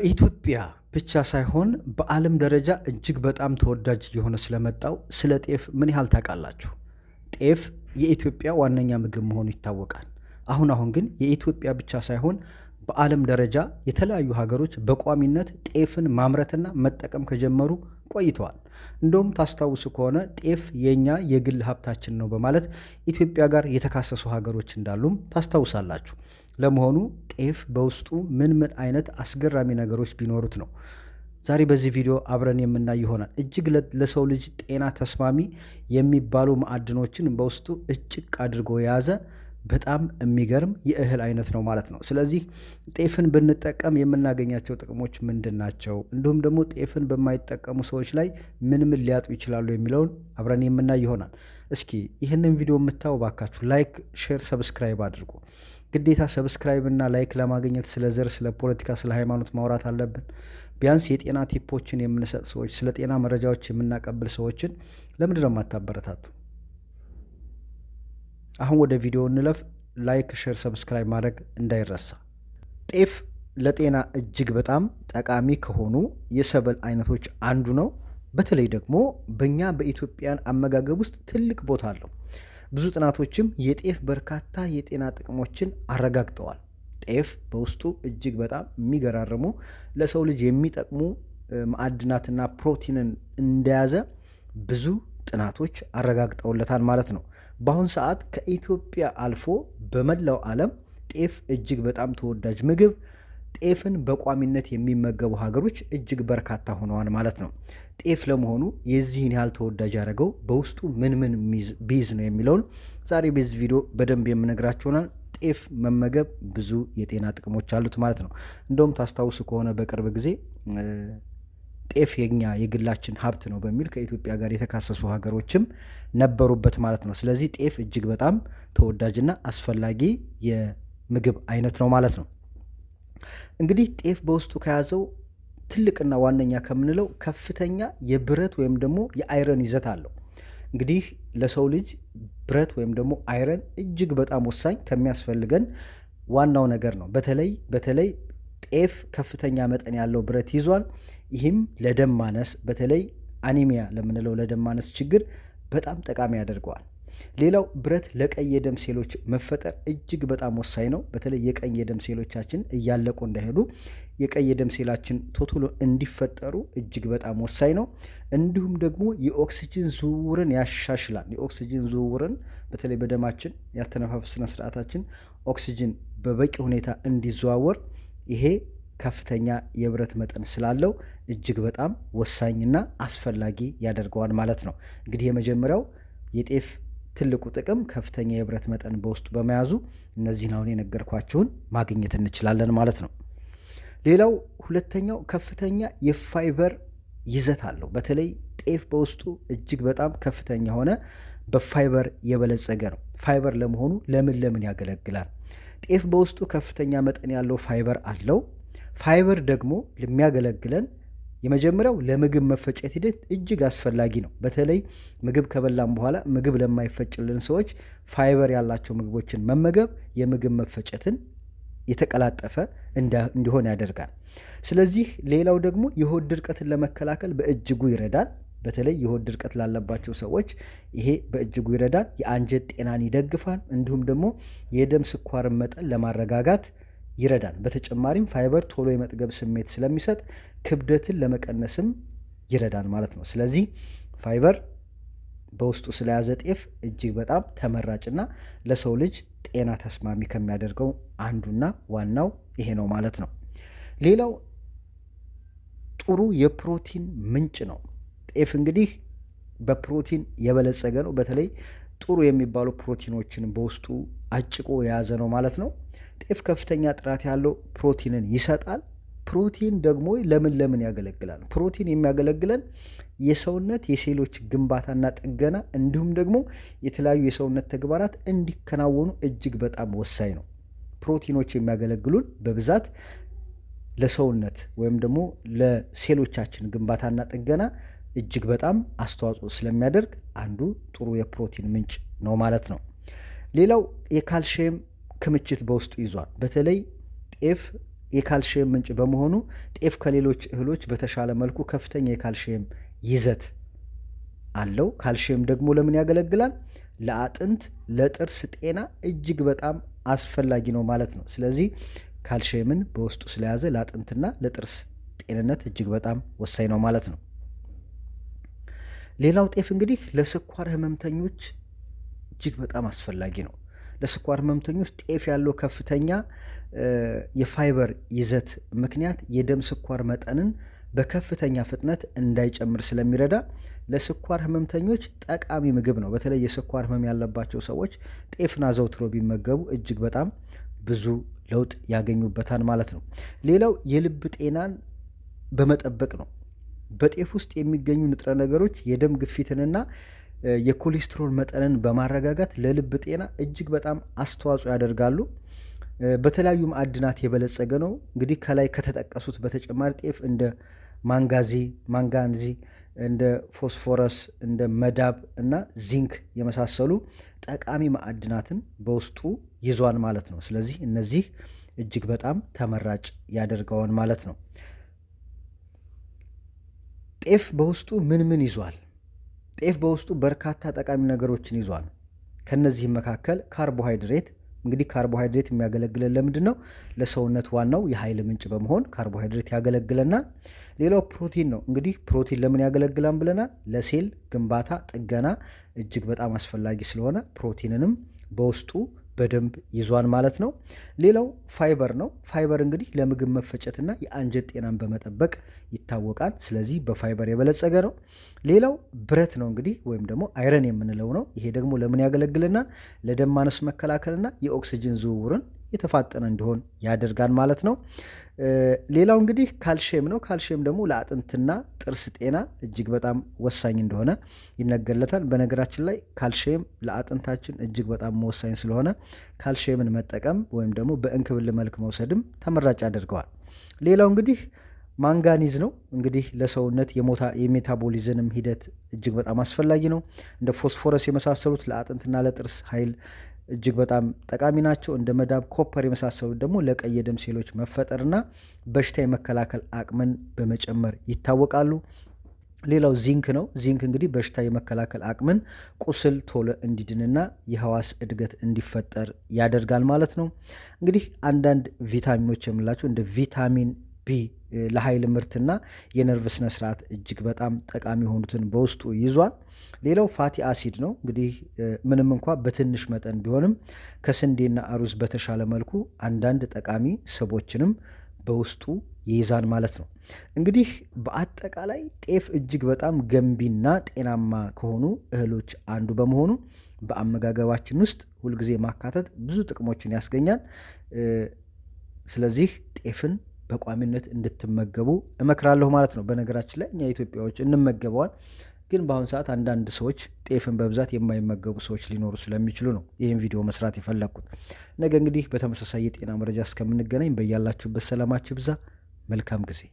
በኢትዮጵያ ብቻ ሳይሆን በዓለም ደረጃ እጅግ በጣም ተወዳጅ እየሆነ ስለመጣው ስለ ጤፍ ምን ያህል ታውቃላችሁ? ጤፍ የኢትዮጵያ ዋነኛ ምግብ መሆኑ ይታወቃል። አሁን አሁን ግን የኢትዮጵያ ብቻ ሳይሆን በዓለም ደረጃ የተለያዩ ሀገሮች በቋሚነት ጤፍን ማምረትና መጠቀም ከጀመሩ ቆይተዋል። እንደውም ታስታውሱ ከሆነ ጤፍ የእኛ የግል ሀብታችን ነው በማለት ኢትዮጵያ ጋር የተካሰሱ ሀገሮች እንዳሉም ታስታውሳላችሁ። ለመሆኑ ጤፍ በውስጡ ምን ምን አይነት አስገራሚ ነገሮች ቢኖሩት ነው? ዛሬ በዚህ ቪዲዮ አብረን የምናይ ይሆናል። እጅግ ለሰው ልጅ ጤና ተስማሚ የሚባሉ ማዕድኖችን በውስጡ እጭቅ አድርጎ የያዘ በጣም የሚገርም የእህል አይነት ነው ማለት ነው። ስለዚህ ጤፍን ብንጠቀም የምናገኛቸው ጥቅሞች ምንድን ናቸው? እንዲሁም ደግሞ ጤፍን በማይጠቀሙ ሰዎች ላይ ምን ምን ሊያጡ ይችላሉ የሚለውን አብረን የምናይ ይሆናል። እስኪ ይህንን ቪዲዮ የምታው ባካችሁ ላይክ፣ ሼር፣ ሰብስክራይብ አድርጉ። ግዴታ ሰብስክራይብ እና ላይክ ለማግኘት ስለ ዘር፣ ስለ ፖለቲካ፣ ስለ ሃይማኖት ማውራት አለብን? ቢያንስ የጤና ቲፖችን የምንሰጥ ሰዎች፣ ስለ ጤና መረጃዎች የምናቀብል ሰዎችን ለምንድን ነው የማታበረታቱ? አሁን ወደ ቪዲዮ እንለፍ። ላይክ፣ ሼር፣ ሰብስክራይብ ማድረግ እንዳይረሳ። ጤፍ ለጤና እጅግ በጣም ጠቃሚ ከሆኑ የሰብል አይነቶች አንዱ ነው። በተለይ ደግሞ በእኛ በኢትዮጵያን አመጋገብ ውስጥ ትልቅ ቦታ አለው። ብዙ ጥናቶችም የጤፍ በርካታ የጤና ጥቅሞችን አረጋግጠዋል። ጤፍ በውስጡ እጅግ በጣም የሚገራርሙ ለሰው ልጅ የሚጠቅሙ ማዕድናትና ፕሮቲንን እንደያዘ ብዙ ጥናቶች አረጋግጠውለታል ማለት ነው። በአሁን ሰዓት ከኢትዮጵያ አልፎ በመላው ዓለም ጤፍ እጅግ በጣም ተወዳጅ ምግብ ጤፍን በቋሚነት የሚመገቡ ሀገሮች እጅግ በርካታ ሆነዋል ማለት ነው። ጤፍ ለመሆኑ የዚህን ያህል ተወዳጅ ያደረገው በውስጡ ምን ምን ቢይዝ ነው የሚለውን ዛሬ በዚህ ቪዲዮ በደንብ የምነግራችሁናል። ጤፍ መመገብ ብዙ የጤና ጥቅሞች አሉት ማለት ነው። እንደውም ታስታውሱ ከሆነ በቅርብ ጊዜ ጤፍ የኛ የግላችን ሀብት ነው በሚል ከኢትዮጵያ ጋር የተካሰሱ ሀገሮችም ነበሩበት ማለት ነው። ስለዚህ ጤፍ እጅግ በጣም ተወዳጅና አስፈላጊ የምግብ አይነት ነው ማለት ነው። እንግዲህ ጤፍ በውስጡ ከያዘው ትልቅና ዋነኛ ከምንለው ከፍተኛ የብረት ወይም ደግሞ የአይረን ይዘት አለው። እንግዲህ ለሰው ልጅ ብረት ወይም ደግሞ አይረን እጅግ በጣም ወሳኝ ከሚያስፈልገን ዋናው ነገር ነው። በተለይ በተለይ ጤፍ ከፍተኛ መጠን ያለው ብረት ይዟል። ይህም ለደም ማነስ በተለይ አኒሚያ ለምንለው ለደም ማነስ ችግር በጣም ጠቃሚ ያደርገዋል። ሌላው ብረት ለቀይ የደም ሴሎች መፈጠር እጅግ በጣም ወሳኝ ነው። በተለይ የቀኝ የደም ሴሎቻችን እያለቁ እንዳይሄዱ የቀይ የደም ሴላችን ቶቶሎ እንዲፈጠሩ እጅግ በጣም ወሳኝ ነው። እንዲሁም ደግሞ የኦክሲጅን ዝውውርን ያሻሽላል። የኦክሲጅን ዝውውርን በተለይ በደማችን ያተነፋፈስ ስነ ስርዓታችን ኦክሲጅን በበቂ ሁኔታ እንዲዘዋወር ይሄ ከፍተኛ የብረት መጠን ስላለው እጅግ በጣም ወሳኝና አስፈላጊ ያደርገዋል ማለት ነው። እንግዲህ የመጀመሪያው የጤፍ ትልቁ ጥቅም ከፍተኛ የብረት መጠን በውስጡ በመያዙ እነዚህን አሁን የነገርኳቸውን ማግኘት እንችላለን ማለት ነው። ሌላው ሁለተኛው ከፍተኛ የፋይበር ይዘት አለው። በተለይ ጤፍ በውስጡ እጅግ በጣም ከፍተኛ ሆነ በፋይበር የበለጸገ ነው። ፋይበር ለመሆኑ ለምን ለምን ያገለግላል? ጤፍ በውስጡ ከፍተኛ መጠን ያለው ፋይበር አለው። ፋይበር ደግሞ የሚያገለግለን የመጀመሪያው ለምግብ መፈጨት ሂደት እጅግ አስፈላጊ ነው። በተለይ ምግብ ከበላን በኋላ ምግብ ለማይፈጭልን ሰዎች ፋይበር ያላቸው ምግቦችን መመገብ የምግብ መፈጨትን የተቀላጠፈ እንዲሆን ያደርጋል። ስለዚህ ሌላው ደግሞ የሆድ ድርቀትን ለመከላከል በእጅጉ ይረዳል። በተለይ የሆድ ድርቀት ላለባቸው ሰዎች ይሄ በእጅጉ ይረዳል። የአንጀት ጤናን ይደግፋል። እንዲሁም ደግሞ የደም ስኳርን መጠን ለማረጋጋት ይረዳል። በተጨማሪም ፋይበር ቶሎ የመጥገብ ስሜት ስለሚሰጥ ክብደትን ለመቀነስም ይረዳል ማለት ነው። ስለዚህ ፋይበር በውስጡ ስለያዘ ጤፍ እጅግ በጣም ተመራጭና ለሰው ልጅ ጤና ተስማሚ ከሚያደርገው አንዱና ዋናው ይሄ ነው ማለት ነው። ሌላው ጥሩ የፕሮቲን ምንጭ ነው። ጤፍ እንግዲህ በፕሮቲን የበለጸገ ነው። በተለይ ጥሩ የሚባሉ ፕሮቲኖችን በውስጡ አጭቆ የያዘ ነው ማለት ነው። ጤፍ ከፍተኛ ጥራት ያለው ፕሮቲንን ይሰጣል። ፕሮቲን ደግሞ ለምን ለምን ያገለግላል? ፕሮቲን የሚያገለግለን የሰውነት የሴሎች ግንባታና ጥገና እንዲሁም ደግሞ የተለያዩ የሰውነት ተግባራት እንዲከናወኑ እጅግ በጣም ወሳኝ ነው። ፕሮቲኖች የሚያገለግሉን በብዛት ለሰውነት ወይም ደግሞ ለሴሎቻችን ግንባታና ጥገና እጅግ በጣም አስተዋጽኦ ስለሚያደርግ አንዱ ጥሩ የፕሮቲን ምንጭ ነው ማለት ነው። ሌላው የካልሽየም ክምችት በውስጡ ይዟል። በተለይ ጤፍ የካልሽየም ምንጭ በመሆኑ ጤፍ ከሌሎች እህሎች በተሻለ መልኩ ከፍተኛ የካልሽየም ይዘት አለው። ካልሽየም ደግሞ ለምን ያገለግላል? ለአጥንት፣ ለጥርስ ጤና እጅግ በጣም አስፈላጊ ነው ማለት ነው። ስለዚህ ካልሽየምን በውስጡ ስለያዘ ለአጥንትና ለጥርስ ጤንነት እጅግ በጣም ወሳኝ ነው ማለት ነው። ሌላው ጤፍ እንግዲህ ለስኳር ህመምተኞች እጅግ በጣም አስፈላጊ ነው። ለስኳር ህመምተኞች ጤፍ ያለው ከፍተኛ የፋይበር ይዘት ምክንያት የደም ስኳር መጠንን በከፍተኛ ፍጥነት እንዳይጨምር ስለሚረዳ ለስኳር ህመምተኞች ጠቃሚ ምግብ ነው። በተለይ የስኳር ህመም ያለባቸው ሰዎች ጤፍን አዘውትረው ቢመገቡ እጅግ በጣም ብዙ ለውጥ ያገኙበታል ማለት ነው። ሌላው የልብ ጤናን በመጠበቅ ነው። በጤፍ ውስጥ የሚገኙ ንጥረ ነገሮች የደም ግፊትንና የኮሌስትሮል መጠንን በማረጋጋት ለልብ ጤና እጅግ በጣም አስተዋጽኦ ያደርጋሉ። በተለያዩ ማዕድናት የበለጸገ ነው። እንግዲህ ከላይ ከተጠቀሱት በተጨማሪ ጤፍ እንደ ማንጋዚ ማንጋንዚ እንደ ፎስፎረስ እንደ መዳብ እና ዚንክ የመሳሰሉ ጠቃሚ ማዕድናትን በውስጡ ይዟል ማለት ነው። ስለዚህ እነዚህ እጅግ በጣም ተመራጭ ያደርገዋል ማለት ነው። ጤፍ በውስጡ ምን ምን ይዟል? ጤፍ በውስጡ በርካታ ጠቃሚ ነገሮችን ይዟል። ከነዚህም መካከል ካርቦሃይድሬት እንግዲህ ካርቦሃይድሬት የሚያገለግለን ለምንድን ነው? ለሰውነት ዋናው የኃይል ምንጭ በመሆን ካርቦሃይድሬት ያገለግለናል። ሌላው ፕሮቲን ነው። እንግዲህ ፕሮቲን ለምን ያገለግላል ብለናል? ለሴል ግንባታ ጥገና እጅግ በጣም አስፈላጊ ስለሆነ ፕሮቲንንም በውስጡ በደንብ ይዟል ማለት ነው። ሌላው ፋይበር ነው። ፋይበር እንግዲህ ለምግብ መፈጨትና የአንጀት ጤናን በመጠበቅ ይታወቃል። ስለዚህ በፋይበር የበለጸገ ነው። ሌላው ብረት ነው እንግዲህ ወይም ደግሞ አይረን የምንለው ነው። ይሄ ደግሞ ለምን ያገለግልናል? ለደም ማነስ መከላከልና የኦክስጅን ዝውውርን የተፋጠነ እንዲሆን ያደርጋል ማለት ነው። ሌላው እንግዲህ ካልሽየም ነው። ካልሽየም ደግሞ ለአጥንትና ጥርስ ጤና እጅግ በጣም ወሳኝ እንደሆነ ይነገርለታል። በነገራችን ላይ ካልሽየም ለአጥንታችን እጅግ በጣም ወሳኝ ስለሆነ ካልሽየምን መጠቀም ወይም ደግሞ በእንክብል መልክ መውሰድም ተመራጭ አድርገዋል። ሌላው እንግዲህ ማንጋኒዝ ነው። እንግዲህ ለሰውነት የሜታቦሊዝንም ሂደት እጅግ በጣም አስፈላጊ ነው። እንደ ፎስፎረስ የመሳሰሉት ለአጥንትና ለጥርስ ኃይል እጅግ በጣም ጠቃሚ ናቸው። እንደ መዳብ፣ ኮፐር የመሳሰሉት ደግሞ ለቀይ የደም ሴሎች መፈጠርና በሽታ የመከላከል አቅምን በመጨመር ይታወቃሉ። ሌላው ዚንክ ነው። ዚንክ እንግዲህ በሽታ የመከላከል አቅምን፣ ቁስል ቶሎ እንዲድንና የህዋስ እድገት እንዲፈጠር ያደርጋል ማለት ነው። እንግዲህ አንዳንድ ቪታሚኖች የምንላቸው እንደ ቪታሚን ቢ ለኃይል ምርትና የነርቭ ስነ ስርዓት እጅግ በጣም ጠቃሚ የሆኑትን በውስጡ ይዟል። ሌላው ፋቲ አሲድ ነው። እንግዲህ ምንም እንኳ በትንሽ መጠን ቢሆንም ከስንዴና አሩዝ በተሻለ መልኩ አንዳንድ ጠቃሚ ስቦችንም በውስጡ ይይዛል ማለት ነው። እንግዲህ በአጠቃላይ ጤፍ እጅግ በጣም ገንቢና ጤናማ ከሆኑ እህሎች አንዱ በመሆኑ በአመጋገባችን ውስጥ ሁልጊዜ ማካተት ብዙ ጥቅሞችን ያስገኛል። ስለዚህ ጤፍን በቋሚነት እንድትመገቡ እመክራለሁ ማለት ነው። በነገራችን ላይ እኛ ኢትዮጵያዎች እንመገበዋል፣ ግን በአሁኑ ሰዓት አንዳንድ ሰዎች ጤፍን በብዛት የማይመገቡ ሰዎች ሊኖሩ ስለሚችሉ ነው ይህን ቪዲዮ መስራት የፈለግኩት። ነገ እንግዲህ በተመሳሳይ የጤና መረጃ እስከምንገናኝ በያላችሁበት ሰላማችሁ ብዛ። መልካም ጊዜ